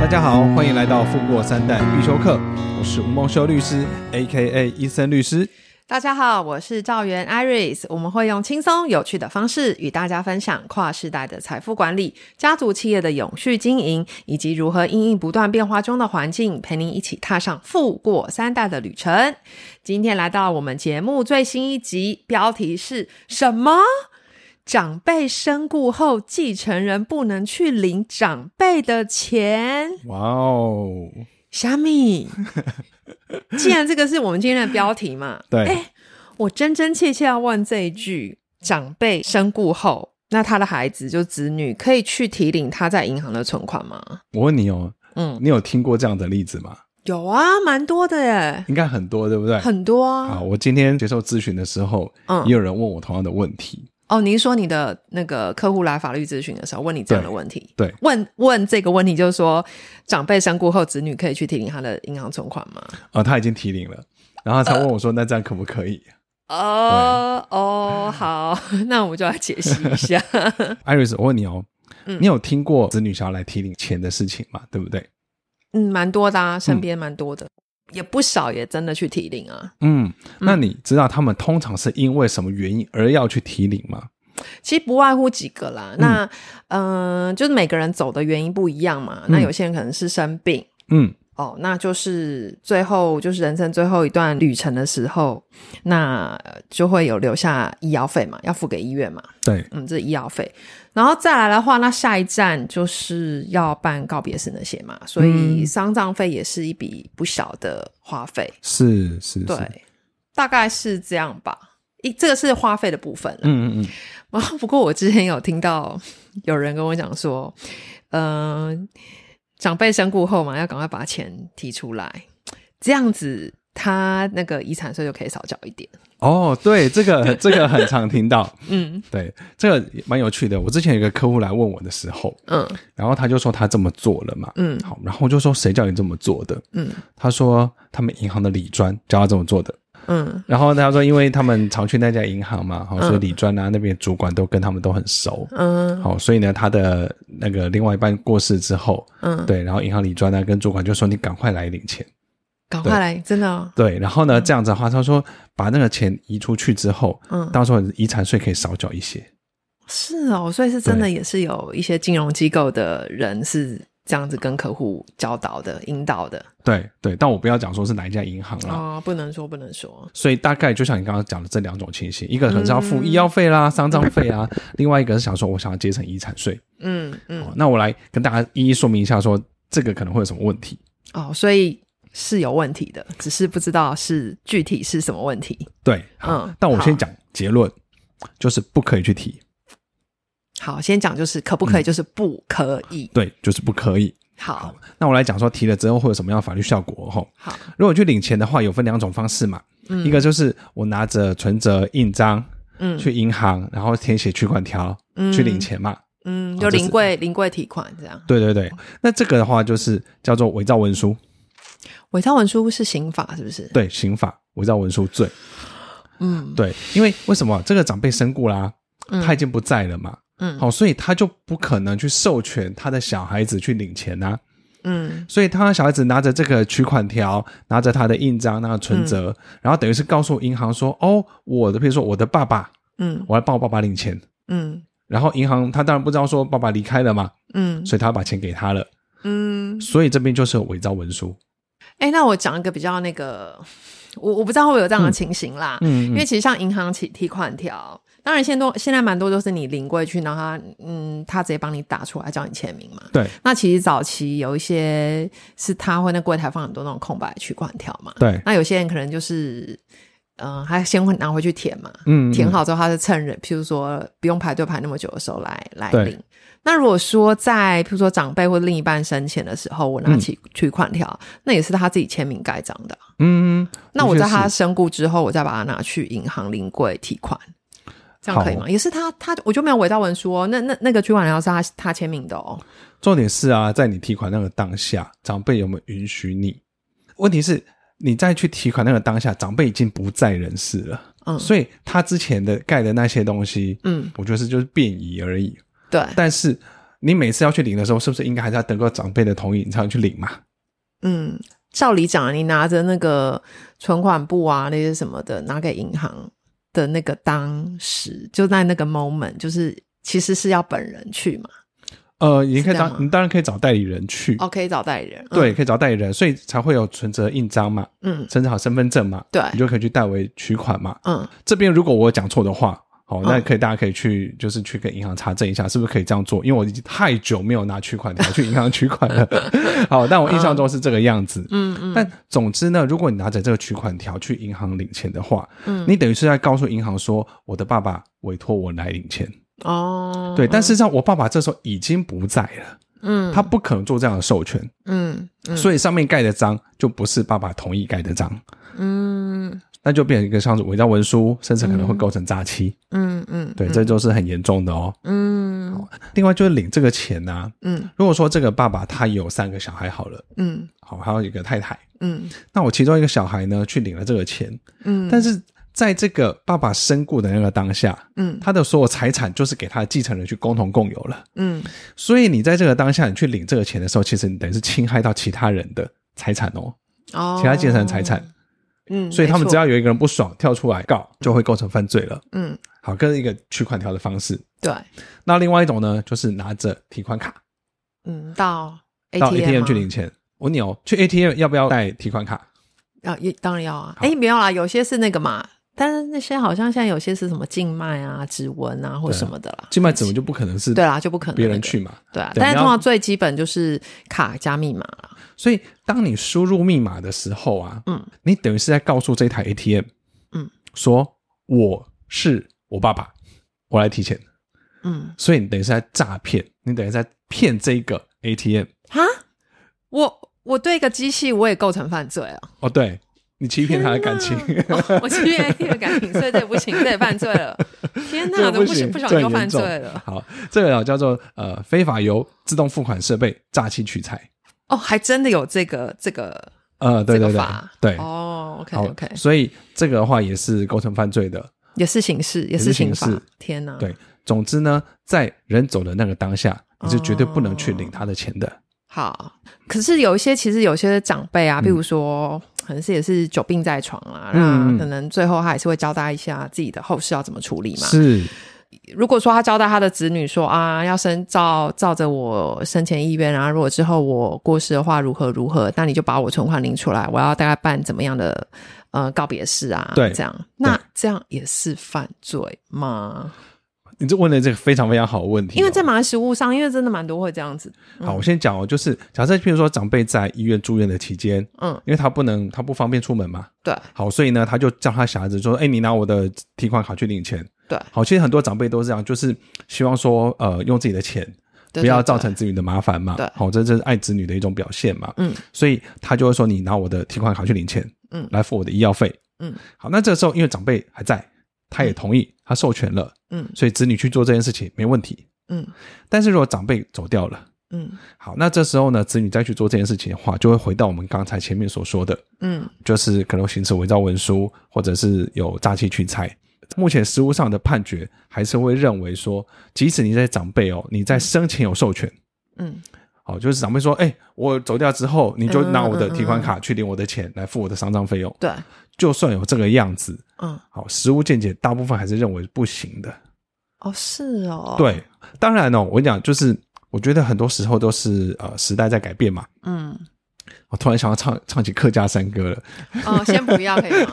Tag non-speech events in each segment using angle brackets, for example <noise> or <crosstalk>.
大家好，歡迎來到《富過三代必修課》，我是吳夢修律師，AKA 伊森律師。大家好，我是趙元 Iris，我們會用輕鬆有趣的方式與大家分享跨世代的財富管理、家族企業的永續經營，以及如何因應不斷變化中的環境，陪您一起踏上富過三代的旅程。今天來到我們節目最新一集，標題是什麼？長輩身故後，繼承人不能去領長輩的錢？哇哦，蝦米？ <laughs> 既然這個是我們今天的標題嘛，對，欸、我真真切切要問這一句：長輩身故後，那他的孩子就子女可以去提領他在銀行的存款嗎？我問你哦，嗯，你有聽過這樣的例子嗎？有啊，蠻多的耶，應該很多，對不對？很多啊。好，我今天接受諮詢的時候、嗯，也有人問我同樣的問題。哦，您說你的那個客戶來法律諮詢的時候問你這樣的問題？對，對，問問這個問題就是說，長輩身故後，子女可以去提領他的銀行存款嗎？啊、哦，他已經提領了，然後他問我說，那這樣可不可以？哦、呃、哦，好，那我們就來解析一下。艾瑞斯，我問你哦、嗯，你有聽過子女想要來提領錢的事情嗎？對不對？嗯，蠻多的、啊，身邊蠻多的。嗯也不少，也真的去提領啊。嗯，那你知道他們通常是因為什麼原因而要去提領嗎？其實不外乎幾個啦。那嗯，那呃，就是每個人走的原因不一樣嘛，嗯。那有些人可能是生病，嗯。嗯哦，那就是最後就是人生最後一段旅程的時候，那就會有留下醫藥費嘛，要付給醫院嘛。對，嗯，這醫藥費，然後再來的話，那下一站就是要辦告別式那些嘛，所以喪葬費也是一筆不小的花費。是是，是，對，是，大概是這樣吧。一這個是花費的部分了。嗯嗯嗯。然後，不過我之前有聽到有人跟我講說，嗯、呃。長輩身故後嘛，要趕快把錢提出來，這樣子他那個遺產稅就可以少繳一點。哦，對，這個這個很常聽到， <laughs> 嗯，對，這個也蠻有趣的。我之前有一個客戶來問我的時候，嗯，然後他就說他這麼做了嘛，嗯，好，然後我就說誰叫你這麼做的？嗯，他說他們銀行的理專教他這麼做的。嗯，然後呢，他說，因為他們常去那家銀行嘛，好、嗯，所以理專呢、啊，那邊主管都跟他們都很熟。嗯，好、哦，所以呢，他的那個另外一半過世之後，嗯，對，然後銀行理專呢、啊、跟主管就說，你趕快來領錢，趕快來，真的、哦。對，然後呢，這樣子的話，他說把那個錢移出去之後，嗯，到時候遺產稅可以少繳一些。嗯、是哦，所以是真的，也是有一些金融機構的人是，這樣子跟客戶教導的、引導的，對對，但我不要講說是哪一家銀行啦，啊、哦，不能說，不能說。所以大概就像你剛剛講的這兩種情形，一個可能是要付醫藥費啦、喪葬費啊，另外一個是想說我想要節省遺產稅。嗯嗯，那我來跟大家一一說明一下說，說這個可能會有什麼問題。哦，所以是有問題的，只是不知道是具體是什麼問題。對，嗯，但我先講結論、嗯，就是不可以去提。好，先講就是可不可以、嗯？就是不可以。對，就是不可以。好，好，那我來講說提了之後會有什麼樣的法律效果？吼，好，如果去領錢的話，有分兩種方式嘛。嗯，一個就是我拿着存摺印章，嗯，去銀行然後填寫取款條去領錢嘛。嗯，就臨櫃臨櫃提款這樣。對對對，那這個的話就是叫做偽造文書。偽造文書是刑法是不是？對，刑法偽造文書罪。嗯，對，因為為什麼這個長輩身故啦，他已經不在了嘛。嗯嗯，好，所以他就不可能去授權他的小孩子去領錢吶、啊。嗯，所以他的小孩子拿着這個取款條，拿着他的印章，那個存摺、嗯，然後等於是告訴銀行說：“哦，我的，譬如說我的爸爸，嗯，我來幫我爸爸領錢。”嗯，然後銀行他當然不知道說爸爸離開了嘛，嗯，所以他把錢給他了。嗯，所以這邊就是偽造文書。哎、欸，那我講一個比較那個，我我不知道會不會有這樣的情形啦。嗯，嗯嗯，因為其實像銀行取提款條。當然現在都，現多現在蠻多都是你臨櫃去，然後他嗯，他直接幫你打出來，叫你簽名嘛。對。那其實早期有一些是他會那櫃台放很多那種空白取款條嘛。對。那有些人可能就是嗯、呃，他先拿回去填嘛。嗯。填好之後，他是趁人嗯嗯，譬如說不用排隊排那麼久的時候來來領。那如果說在譬如說長輩或另一半生前的時候，我拿起取,取款條、嗯，那也是他自己簽名蓋章的。嗯,嗯。那我在他身故之後，我再把它拿去銀行臨櫃提款。嗯嗯這樣可以嗎？也是他，他我就沒有偽造文書哦。那那那個取款人要是他他簽名的哦。重點是啊，在你提款那個當下，長輩有沒有允許你？問題是你再去提款那個當下，長輩已經不在人世了。嗯，所以他之前的蓋的那些東西，嗯，我覺得是就是便宜而已。對。但是你每次要去領的時候，是不是應該還是要得到長輩的同意你才能去領嘛？嗯，照理講，你拿着那個存款簿啊那些什麼的，拿給銀行。的那個當時就在那個 moment，就是其實是要本人去嘛。呃，你可以當，你當然可以找代理人去。哦，可以找代理人，對，嗯、可以找代理人，所以才會有存折印章嘛，嗯，存好身份證嘛，對，你就可以去代為取款嘛，嗯。這邊如果我講錯的話。嗯好，那可以、哦，大家可以去，就是去跟銀行查證一下，是不是可以這樣做？因為我已經太久沒有拿取款條去銀行取款了。 <laughs> 好，但我印象中是這個樣子。嗯嗯。但總之呢，如果你拿着這個取款條去銀行領錢的話，嗯，你等於是在告訴銀行說，我的爸爸委托我來領錢。哦。對，但事實上我爸爸這時候已經不在了。嗯。他不可能做這樣的授權。嗯。嗯，所以上面蓋的章就不是爸爸同意蓋的章。嗯。那就變成一個像是偽造文書，甚至可能會構成詐欺。嗯嗯、嗯，對，這就是很嚴重的哦、喔。嗯，好，另外就是領這個錢呢、啊。嗯，如果說這個爸爸他有三個小孩好了，嗯，好，還有一個太太。嗯，那我其中一個小孩呢，去領了這個錢。嗯，但是在這個爸爸身故的那個當下，嗯，他的所有財產就是給他的繼承人去共同共有了，嗯，所以你在這個當下，你去領這個錢的時候，其實你等於是侵害到其他人的財產哦、喔，哦，其他繼承人財產。嗯，所以他們只要有一個人不爽，跳出來告，就會構成犯罪了。嗯，嗯，好，跟一個取款條的方式。對，那另外一種呢，就是拿着提款卡，嗯，到 ATM 去到領錢。我問你哦，去 ATM 要不要帶提款卡？要，當然要啊。哎、欸，沒有啦，有些是那個嘛。但是那些好像現在有些是什麼靜脈啊、指紋啊，或什麼的啦。靜脈指紋就不可能是。對啦，就不可能別人去嘛。對啊。對對，對啊，但是通常最基本就是卡加密碼啊，啊，所以，當你輸入密碼的時候啊，嗯，你等於是在告訴這台 ATM，嗯，說我是我爸爸，我來提錢。嗯。所以你等於是在詐騙，你等於在騙這個 ATM。哈，我我對一個機器，我也構成犯罪啊。哦，對。你欺騙他的感情、 <laughs> 哦，我欺騙他的感情，所以這也不行， <laughs> 這也犯罪了。天吶，都不行，不小心就犯罪了。好，這個叫做呃非法，由自動付款設備詐欺取財。哦，還真的有這個這個呃，對對對，這個、法對哦，OK OK。所以這個的話也是構成犯罪的，也是刑事，也是刑事。天吶，對，總之呢，在人走的那個當下，哦、你是絕對不能去領他的錢的。好，可是有一些其實有些長輩啊，譬如說、嗯、可能是也是久病在床啊、嗯，那可能最後他也是會交代一下自己的後事要怎麼處理嘛。是，如果說他交代他的子女說啊，要遵照照着我生前意願，然後如果之後我過世的話如何如何，那你就把我存款領出來，我要大概辦怎麼樣的呃告別式啊，對，這樣那這樣也是犯罪嗎？你就問了這個非常非常好的問題，哦，因為在來食物上，因為真的蠻多會這樣子，嗯。好，我先講哦，就是假設譬如說長輩在醫院住院的期間，嗯，因為他不能，他不方便出門嘛，對，嗯。好，所以呢，他就叫他小孩子說：“哎，欸，你拿我的提款卡去領錢。”對。好，其實很多長輩都是這樣，就是希望說，呃，用自己的錢，對對對，不要造成子女的麻煩嘛。對。好，這這是愛子女的一種表現嘛。嗯。所以他就會說：“你拿我的提款卡去領錢，嗯，來付我的醫藥費。”嗯。好，那這個時候因為長輩還在。他也同意，他授權了，嗯，所以子女去做這件事情沒問題，嗯，但是如果長輩走掉了，嗯，好，那這時候呢，子女再去做這件事情的話，就會回到我們剛才前面所說的，嗯，就是可能行使偽造文書，或者是有詐欺取財。目前實務上的判決還是會認為說，即使你在長輩哦，你在生前有授權，嗯。嗯好、哦，就是長輩說：“哎、欸，我走掉之後，嗯，你就拿我的提款卡去領我的錢來付我的喪葬費用。”對，就算有這個樣子，嗯，好，實務見解大部分還是認為不行的。哦，是哦，對，當然哦，我跟你講就是，我覺得很多時候都是呃，時代在改變嘛。嗯，我突然想要唱唱起客家山歌了。哦，先不要可以嗎？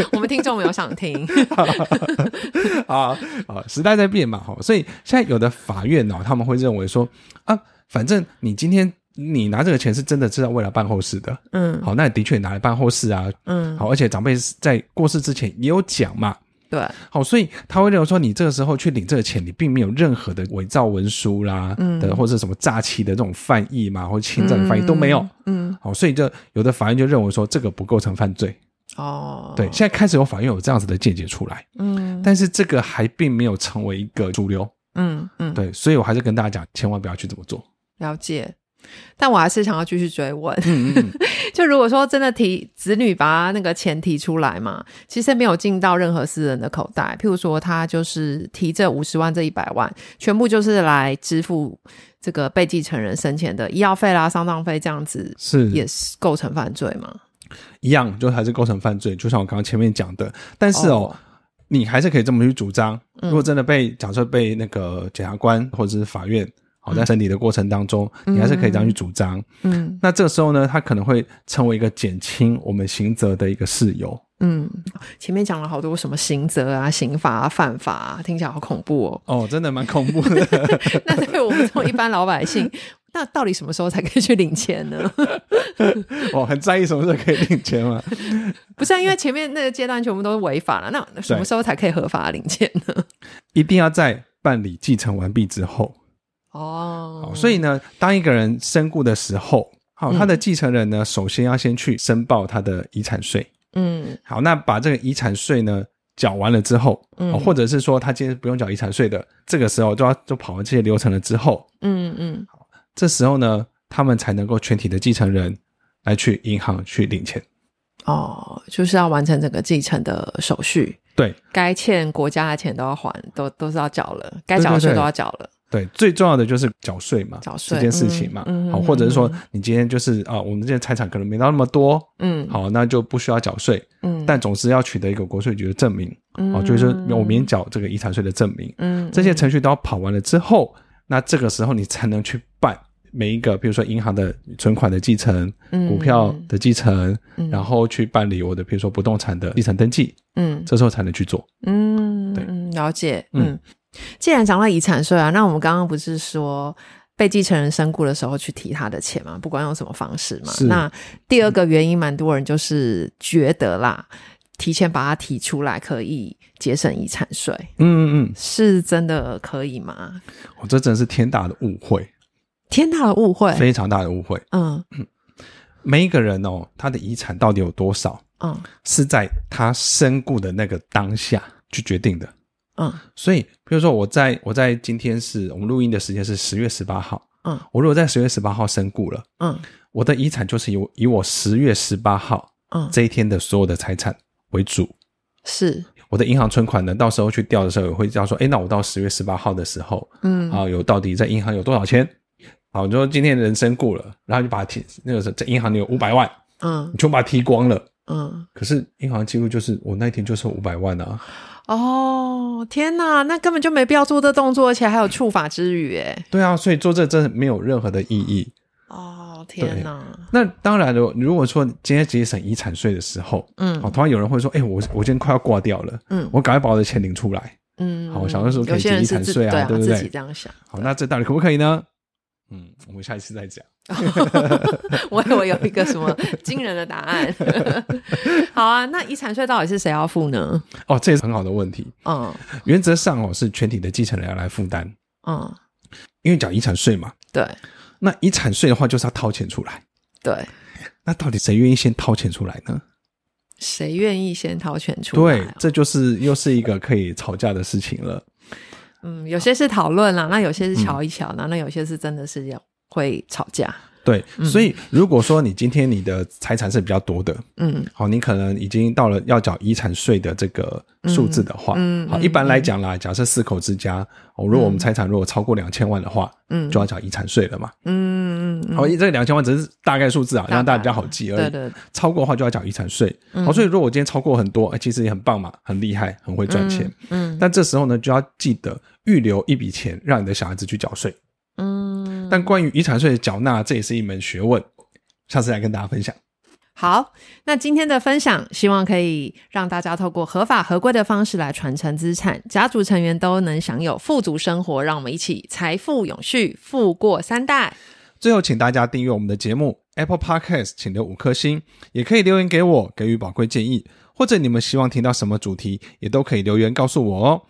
<laughs> <laughs> <laughs> 我們聽眾沒有想聽。啊 <laughs> 啊，時代在變嘛，好，所以現在有的法院呢，他們會認為說啊。反正你今天你拿這個錢是真的，知道為了辦後事的，嗯，好，那你的確拿來辦後事啊，嗯，好，而且長輩在過世之前也有講嘛，對，好，所以他會認為說你這個時候去領這個錢，你並沒有任何的偽造文書啦的，嗯，或者什麼詐欺的這種犯意嘛，或者侵佔的犯意、嗯、都沒有嗯，嗯，好，所以就有的法院就認為說這個不構成犯罪，哦，對，現在開始有法院有這樣子的見解出來，嗯，但是這個還並沒有成為一個主流，嗯嗯，對，所以我還是跟大家講，千萬不要去這麼做。了解，但我還是想要繼續追問。嗯嗯 <laughs> 就如果說真的提子女把那個錢提出來嘛，其實沒有進到任何私人的口袋。譬如說，他就是提這五十萬這一百萬，全部就是來支付這個被繼承人生前的醫藥費啦、喪葬費這樣子，是也是構成犯罪嗎？一樣，就還是構成犯罪。就像我剛剛前面講的，但是哦,哦，你還是可以這麼去主張。如果真的被、嗯、假設被那個檢察官或者是法院。好、哦，在審理的過程當中、嗯，你還是可以這樣去主張。嗯，那這個時候呢，它可能會成為一個減輕我們刑責的一個事由。嗯，前面講了好多什麼刑責啊、刑罰啊、犯法啊，聽起來好恐怖哦。哦，真的蠻恐怖的。 <laughs> 那對我們這種一般老百姓， <laughs> 那到底什麼時候才可以去領錢呢？ <laughs> 哦，很在意什麼時候可以領錢嗎？ <laughs> 不是、啊，因為前面那個階段全部都是違法了，那什麼時候才可以合法領錢呢？一定要在辦理繼承完畢之後。哦、oh.，所以呢，當一個人身故的時候，好，他的繼承人呢、嗯，首先要先去申報他的遺產稅。嗯，好，那把這個遺產稅呢繳完了之後，嗯，或者是說他今天不用繳遺產稅的，這個時候就要就跑完這些流程了之後，嗯嗯，好，這時候呢，他們才能夠全體的繼承人來去銀行去領錢。哦，就是要完成整個繼承的手續，對，該欠國家的錢都要還，都都是要繳了，該繳的稅都要繳了。對對對。對，最重要的就是繳稅嘛，繳稅嗯、這件事情嘛、嗯嗯，好，或者是說你今天就是、嗯、啊，我們這些財產可能沒到那麼多，嗯，好，那就不需要繳稅，嗯，但總是要取得一個國稅局的證明，嗯，好、啊，就是說我免繳這個遺產稅的證明嗯，嗯，這些程序都要跑完了之後，嗯嗯、那這個時候你才能去辦每一個，比如說銀行的存款的繼承、嗯、股票的繼承、嗯嗯，然後去辦理我的，比如說不動產的繼承登記，嗯，這時候才能去做，嗯，對，嗯、了解，嗯。嗯既然講到遺產稅啊，那我們剛剛不是說被繼承人身故的時候去提他的錢嗎？不管用什麼方式嘛。那第二個原因，蠻多人就是覺得啦，嗯、提前把它提出來可以節省遺產稅。嗯嗯嗯，是真的可以嗎？我、哦、這真是天大的誤會！天大的誤會！非常大的誤會！嗯嗯，每一個人哦，他的遺產到底有多少？嗯，是在他身故的那個當下去決定的。嗯，所以比如說我在我在今天是我們錄音的時間是十月十八號，嗯，我如果在十月十八號身故了，嗯，我的遺產就是以我以我十月十八號嗯這一天的所有的財產為主，嗯、是我的銀行存款呢，到時候去調的時候也會叫說，誒、嗯欸，那我到十月十八號的時候，嗯啊有到底在銀行有多少錢？好，你說今天人身故了，然後就把它提那個時候在銀行有五百萬，嗯，你就把它提光了。嗯，可是銀行記錄就是我那一天就收五百萬啊！哦，天哪，那根本就沒必要做這動作，而且還有觸法之餘，哎、 <coughs> ，對啊，所以做這真的沒有任何的意義。哦，天哪，那當然了，如果說今天節省遺產稅的時候，嗯，好、哦，突然有人會說，哎、欸，我我今天快要掛掉了，嗯，我趕快把我的錢領出來，嗯，好，我想的時候可以減遺產稅啊，嗯、對不、啊、對？自己這樣想，對對對自己這樣想對，好，那這到底可不可以呢？嗯，我們下一次再講。 <laughs> <laughs> 我有一個什麼驚人的答案 <laughs> ？好啊，那遺產稅到底是誰要付呢？哦，這也是很好的問題。嗯，原則上哦是全體的繼承人要來負擔。嗯，因為講遺產稅嘛。對。那遺產稅的話，就是要掏錢出來。對。那到底誰願意先掏錢出來呢？誰願意先掏錢出來哦？對，這就是又是一個可以吵架的事情了。嗯，有些是討論啦，那有些是瞧一瞧啦，嗯、那有些是真的是要會吵架。對，所以如果說你今天你的財產是比較多的，嗯，好，你可能已經到了要繳遺產稅的這個數字的話，嗯，嗯，好，一般來講啦，嗯，假設四口之家，哦，如果我們財產如果超過兩千萬的話，嗯，就要繳遺產稅了嘛，嗯，嗯，好，這兩千萬只是大概數字啊，讓大家比較好記而已。超過的話就要繳遺產稅，嗯，好，所以如果我今天超過很多，欸，其實也很棒嘛，很厲害，很會賺錢，嗯，嗯，但這時候呢，就要記得預留一筆錢，讓你的小孩子去繳稅。但關於遺產稅的繳納，這也是一門學問，下次來跟大家分享。好，那今天的分享，希望可以讓大家透過合法合規的方式來傳承資產，家族成員都能享有富足生活。讓我們一起財富永續，富過三代。最後，請大家訂閱我們的節目 Apple Podcast，請留五顆星，也可以留言給我，給予寶貴建議，或者你們希望聽到什麼主題，也都可以留言告訴我哦。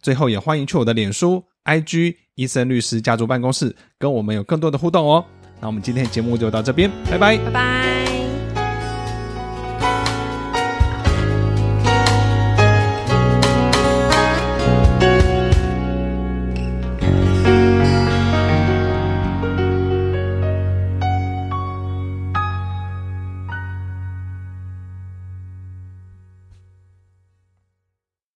最後，也歡迎去我的臉書 IG。伊森律師家族辦公室，跟我們有更多的互動哦。那我們今天節目就到這邊，拜拜，拜拜。